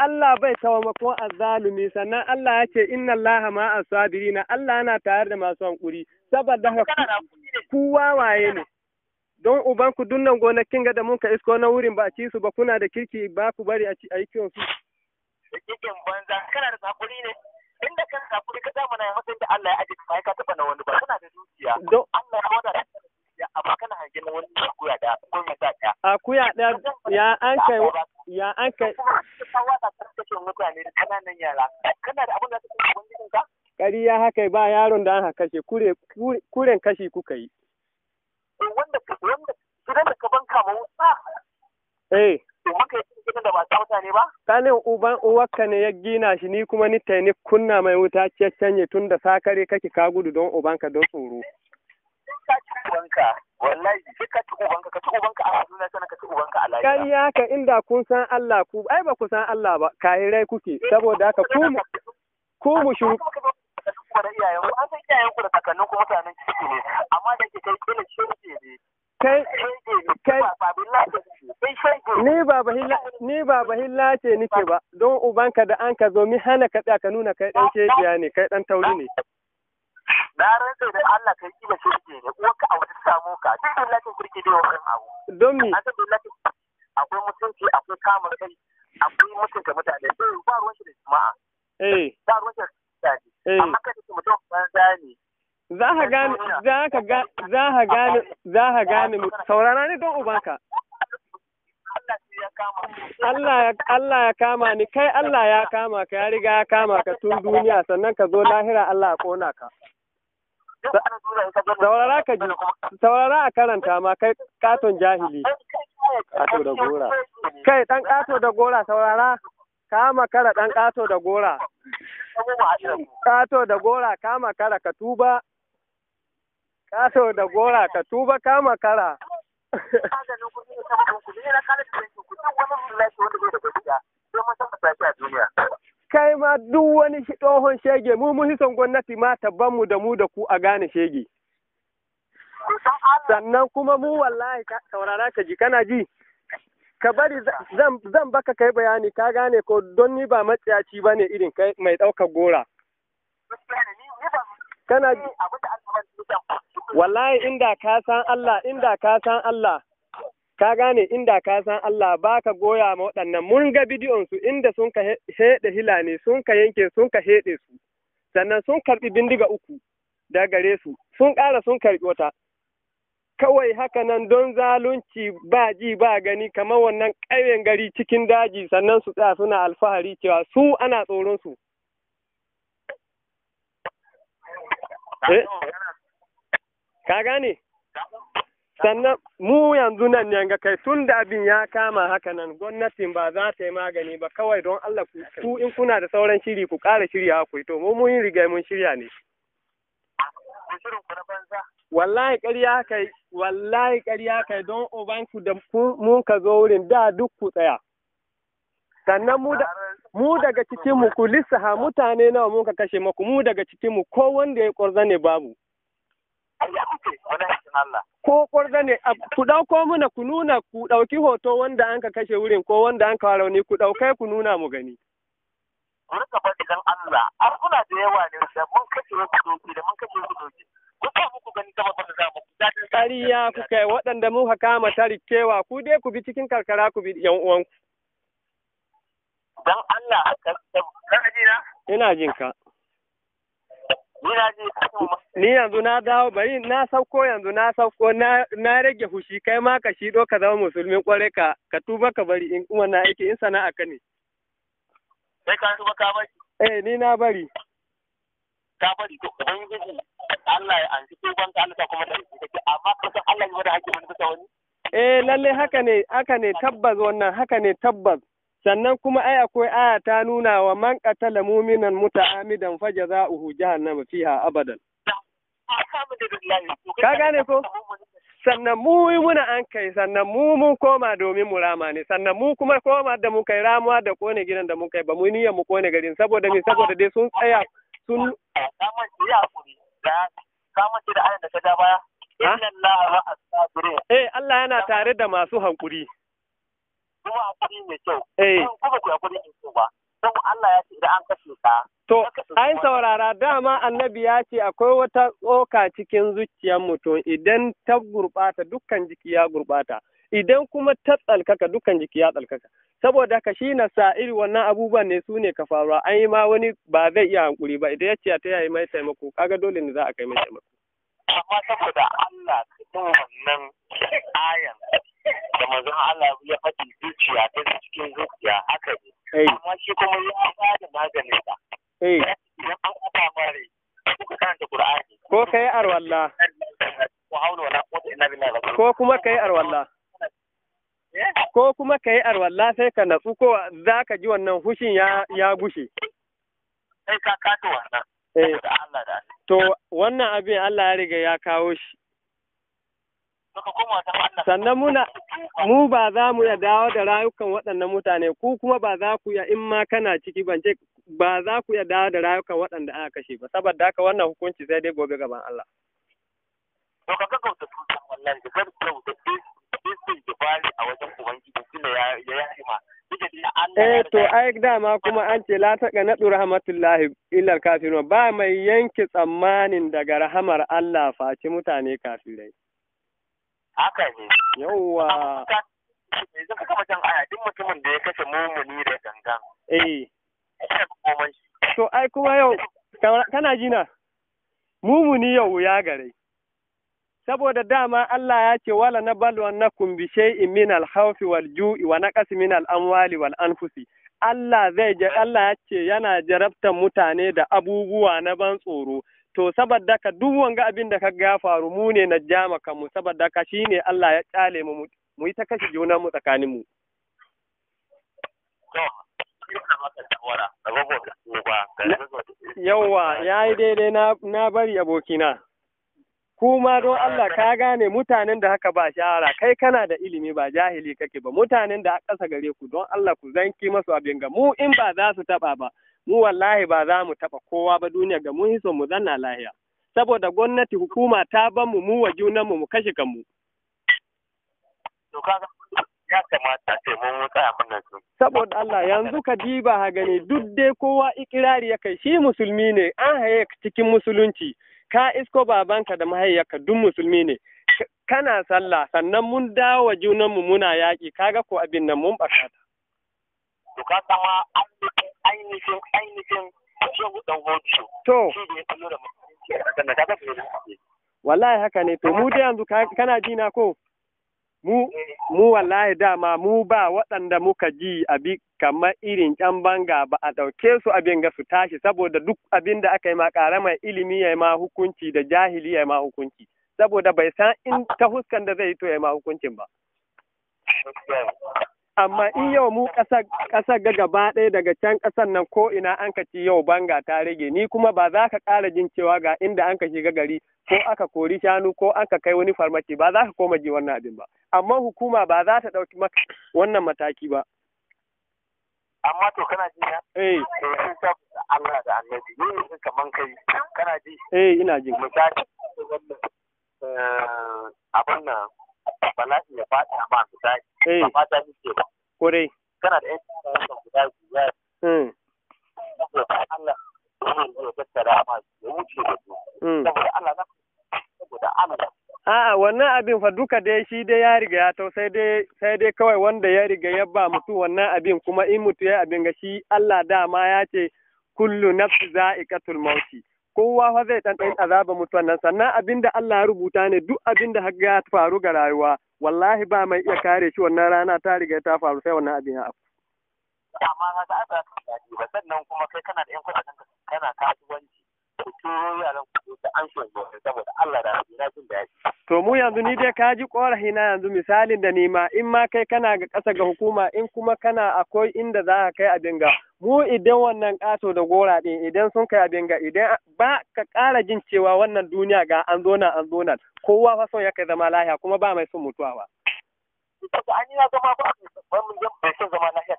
Allah bai a zalumi sannan Allah ya ce inna Allah ma na Allah yana tare da masu hankuri saboda ku wawaye ne don uban ku dunnan gonakin ga da mun ka isko na wurin ba ci su ba kuna da kirki ba ku bari a ci yi kiyon su akuya da ya an kai ƙananan yara kana da abin da kake ubangijin ka ya haka ba yaron da aka kashe kure kuren kashi kuka yi wanda wanda gidan da ka banka ma wuta eh to ya yi gidan da ba ta ne ba kanin uban uwarka ne ya gina shi ni kuma ni taini kunna mai wuta ce canye tun da sakare kake ka gudu don ubanka don tsoro ka ci ubanka inda kun san Allah ku ai ba ku san Allah ba kahirai kuke saboda haka ku mu ku ni ba bahin ni ba nike ba don ubanka da an ka zo mi hana ka tsaka ka nuna kai dan shegiya ne kai ɗan tauri ne na rantse da Allah kai kila shirke ne uwar ka aure ta samu ka duk da lakin kirki da wannan abu don me a da akwai mutunci akwai kama kai akwai mutunta mutane sai eh, ba ruwan shi da jama'a eh ba ruwan shi da jama'a eh. amma kada ki mutum ban gane za ka gane za ka gane za ka gane za saurara ne don ubanka Allah ya kama ni kai Allah ya kama ka ya riga ya kama ka tun duniya sannan ka zo lahira Allah ya kona ka saurara ka ji saurara a karanta ma kai katon jahili kato da gora kai dan kato da gora saurara kama kara dan kato da gora kato da gora kama kara ka tuba kato da gora ka tuba kama kara kai ma duk wani tsohon shege mu mun son gwamnati ma tabban mu da mu da ku a gane shege sannan kuma mu wallahi saurara ka ji kana ji ka bari zan baka kai bayani ka gane ko don ni ba matsayaci ba ne irin kai mai ɗaukar gora kana ji wallahi inda ka san Allah inda ka san Allah ka gane inda ka san Allah ba ka goya ma waɗannan mun ga bidiyon su inda sun ka heɗe hila ne sun ka yanke sun ka heɗe su sannan sun karɓi bindiga uku da gare su sun ƙara sun karɓi wata kawai haka nan don zalunci ba ji ba gani kamar wannan ƙauyen gari cikin daji sannan su tsaya suna alfahari cewa su ana tsoron su ka gane eh? sannan mu yanzu nan ne ga kai tun da abin ya kama haka nan gwamnatin ba za ta yi magani ba kawai don Allah ku in kuna da sauran shiri ku ƙara shirya ku to mu mun riga mun shirya ne wallahi ƙarya kai wallahi ƙarya kai don ubanku da mun ka zo wurin da duk ku tsaya sannan mu da mu daga cikin mu ku ha mutane nawa mun ka kashe maku mu daga cikin mu ko wanda ya ƙorza ne babu Allah. Ko kwarza ne, ku ɗauko mana ku nuna ku ɗauki hoto wanda an ka kashe wurin ko wanda an kawo rauni ku ɗaukai ku nuna mu gani. Rika faɗi dan Allah, an kuna da yawa ne da mun kashe wasu doki da mun kashe wasu doki. Mun kai muku gani kama ba za mu. Ƙariya ku kai waɗanda muka kama tarikewa ku dai ku bi cikin karkara ku bi yan uwanku. Don Allah, a ji Ina jinka. ka. Ni yanzu na dawo bari na sauko yanzu na sauko na rage hushi kai ma ka shido ka zama musulmi kware ka ka tuba ka bari in kuma na yake in sana'a ka ne. Sai ka tuba ka bari. Eh ni na bari. Ka bari to ubangiji Allah ya anci tuban ka Allah kuma da kake amma ka san Allah ya wada hakki wani ka wani. Eh lalle haka ne haka ne tabbas wannan haka ne tabbas. sannan kuma ai akwai aya ta nuna wa man qatala mu'minan muta'amidan fa jazaohu jahannama fiha abadan ka gane ko sannan mu muna an kai sannan mu mun koma domin mu rama ne sannan mu kuma koma da mun kai ramuwa da kone gidan da mun kai ba mu niyyar mu kone garin saboda me saboda dai sun tsaya sun Eh Allah yana tare da masu hankuri. kuma mai kyau eh kuma ku kyau ba don Allah ya ce idan an kashe ka to ai saurara dama annabi ya ce akwai wata tsoka cikin zuciyar mutum idan ta gurbata dukkan jiki ya gurbata idan kuma ta tsalkaka dukkan jiki ya tsalkaka saboda ka shi na sa iri wannan abubuwan ne su ne ka faruwa an yi ma wani ba zai iya hankuri ba idan ya ce ta yayi mai taimako kaga dole ne za a kai mai taimako amma saboda Allah cikin wannan ayan da mazan Allah ya faɗi zuciya ta cikin zuciya haka ne eh. amma shi kuma ya bada maganin ba. Eh. idan an kuka mare kuka karanta Qur'ani ko yi arwalla ko kuma yi arwalla eh? ko kuma ka yi arwalla sai ka natsu ko za ka ji wannan hushin ya gushe. Sai ka kato wannan. Eh, to wannan abin Allah ya riga ya kawo shi. Sannan muna mu ba za mu ya dawo da rayukan waɗannan mutane ku kuma ba za ku ya in ma kana ciki bance ba za ku ya dawo da rayukan waɗanda aka kashe ba saboda haka wannan hukunci sai dai gobe gaban Allah. a wajen ubangiji ya yi eh to ai dama kuma an ce la taqa nadu rahmatullahi illa kafirun ba mai yanke tsammanin daga rahamar Allah face mutane kafirai haka ne yawwa yanzu ka kama jan aya duk mutumin da ya kashe mumuni da gangan eh to ai kuma yau kana jina mumuni yau ya gare saboda dama Allah ya ce wala na bal na kumbi min al wal ju'i wa naqasi min al-amwali wal anfusi Allah zai Allah ya ce yana jarabtar mutane da abubuwa na ban tsoro to saboda ka duk wanga abin da ka ga faru mu ne na jama ka mu saboda ka shine Allah ya kyale mu mu yi ta kashe juna mu tsakanin mu yayi daidai na bari abokina kuma don Allah ka gane mutanen da haka ba shahara kai kana da ilimi ba jahili kake ba mutanen da ƙasa gare ku don Allah ku zanki masu abin ga mu in ba za su taɓa ba mu wallahi ba za mu taɓa kowa ba duniya ga mu hiso mu zanna lahiya saboda gwamnati hukuma ta ban mu mu wa junan mu mu kashe kanmu. ya kamata ce tsaya su. Saboda Allah yanzu ka diba ha gane duk dai kowa ikirari ya kai shi musulmi ne an haye cikin musulunci ka isko babanka da mahaiyarka duk musulmi ne kana sallah sannan mun dawo wa junanmu muna yaƙi kaga ko abin nan mun ɓarkata. To ka sama ainihin ainihin shehu ɗan hoto. To. Wallahi haka ne to mu da yanzu kana jina ko. mu wallahi dama mu ba waɗanda muka ji abi kamar irin ƴan banga ba a ɗauke su abin ga su tashi saboda duk abin da aka yi ma ƙara mai ilimi ya yi ma hukunci da jahili ya yi ma hukunci saboda bai san in ta huskan da zai yi to ya ma hukuncin ba. amma in yau mu ƙasa ga gaba ɗaya daga can ƙasan nan ko ina an ka ci yau banga ta rage ni kuma ba za ka ƙara jin cewa ga inda an ka shiga gari ko aka kori shanu ko an ka kai wani farmaki ba za ka koma ji wannan abin ba amma hukuma ba za ta ɗauki maka wannan mataki ba. amma to kana ji na eh to sun ta Allah da Annabi ne yanzu kaman kai kana ji eh ina ji misali wannan eh, abin nan bala'i ya ba amma misali eh. ba fata nake ba Kwarai. Kana da ‘yan tsararsa guda biyar. Hmm. Saboda Allah zai tattara ma ya wuce da su. Hmm. Saboda Allah na saboda Allah. A'a wannan abin fa duka dai shi dai ya riga ya tau sai dai sai dai kawai wanda ya riga ya ba mutu wannan abin kuma in mutu ya abin ga shi Allah dama ya ce kullu nafsi za'iqatul mauti. kowa fa zai ɗan azaba mutuwan nan sannan abin da Allah ya rubuta ne duk abin da ya faru ga rayuwa wallahi ba mai iya kare shi wannan rana ta riga ta faru sai wannan abin ya afu. amma ka ga aka kaji ba sannan kuma kai kana da ƴan kuɗaɗen kana kasuwanci to yaran ku ta an shi saboda Allah da na jin da ya To mu yanzu ni dai ka ji korafi na yanzu misalin da nima in ma kai kana ga ƙasa ga hukuma in kuma kana akwai inda za ka kai a dinga mu idan wannan ƙato da gora ɗin idan sun kai a dinga idan ba ka ƙara jin cewa wannan duniya ga an zo nan an zo nan kowa fa son ya kai zama lahiya kuma ba mai son mutuwa ba. an yi zama ba zama lahiya.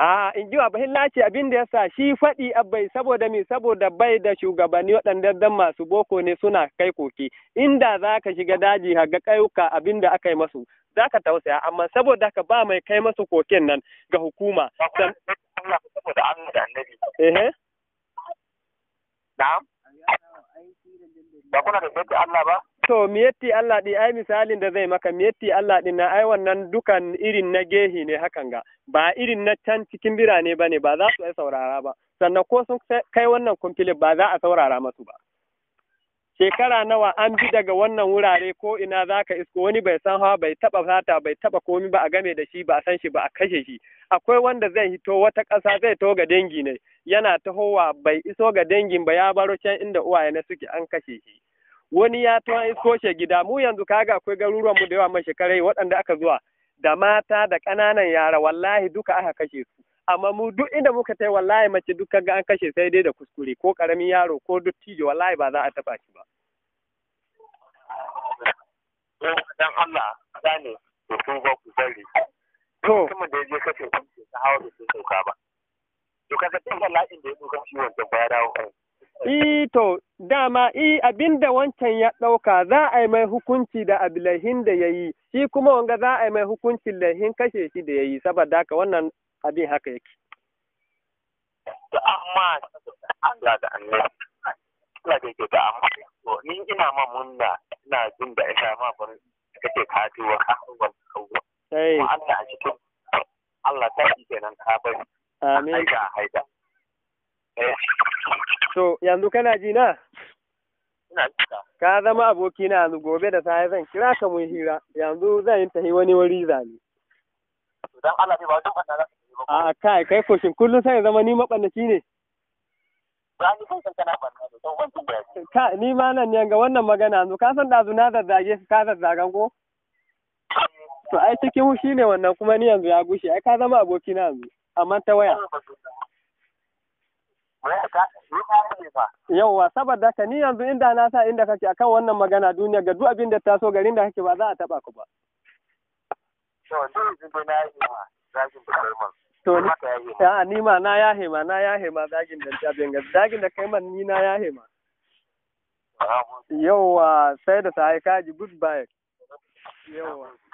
A in ji abahin hillaci abin da yasa shi faɗi abai saboda mi saboda bai da shugabanni waɗanda dan masu boko ne suna kai koki inda za ka shiga daji ga kayuka abin da aka yi masu za ka tausaya amma saboda ka ba mai kai masu koken nan ga hukuma. Saboda an da annabi. Eh. Na'am. Ba kuna da Allah ba? to mi Allah ɗi ai misalin da zai maka mi Allah ɗi na ai wannan dukan irin na gehi ne hakan ga ba irin na can cikin birane ba ne ba za su ai saurara ba sannan ko sun kai wannan kumfilin ba za a saurara masu ba shekara nawa an bi daga wannan wurare ko ina za ka isko wani bai san hawa bai taba fata bai taba komi ba a game da shi ba a san shi ba a kashe shi akwai wanda zai hito wata ƙasa zai to ga dangi ne yana tahowa bai iso ga dangin ba ya baro can inda uwaye na suke an kashe shi wani ya ta soshe gida mu yanzu kaga akwai garuruwan mu da yawa mai shekarai waɗanda aka zuwa da mata da ƙananan yara wallahi duka aka kashe su amma mu duk inda muka tai wallahi mace duk kaga an kashe sai dai da kuskure ko ƙaramin yaro ko duk dottijo wallahi ba za a taɓa shi ba. Dan Allah ne da kun ba ku zari. To. Kuma da ya je kashe kun ta hawa da sun sauka ba. To kaga duk bala'in da ya ɗauka shi wancan ba ya dawo kai. to dama i abinda wancan ya ɗauka za a yi mai hukunci da abilahin da ya yi shi kuma wanga za a yi mai hukuncin lahin kashe shi da ya yi saboda haka wannan abin haka yake. amma Allah da Allah da yake da amma to ni ina ma munna ina jin da ina ma bar kake ka ji wa ka hawa hawa. Allah a cikin Allah ta yi kenan ka bari. Amin. Haida haida. Eh. To, yanzu kana ji na? Ina Ka zama aboki na yanzu gobe da safe zan kira ka mun hira. Yanzu zan yi tafi wani wuri zane. Dan Allah ne ba don fata za ka yi ba. A kai kai ko kullum sai zama ni mabannaci ne. Ba ni san kana banna da don wancan Ka ni ma nan ne ga wannan magana yanzu ka san dazu na zazzage ka zazzagan ko? To ai cikin shi ne wannan kuma ni yanzu ya gushe ai ka zama aboki na yanzu amma ta waya. Yauwa saboda ka ni yanzu inda na sa inda kake akan wannan magana duniya ga duk abin da taso garin da kake ba za a taba ku ba. To ni ya ni ma na yahe ma na yahe ma zagin da tabin ga zagin da kai man ni na yahe ma. Yauwa sai da sai kaji goodbye. Yauwa.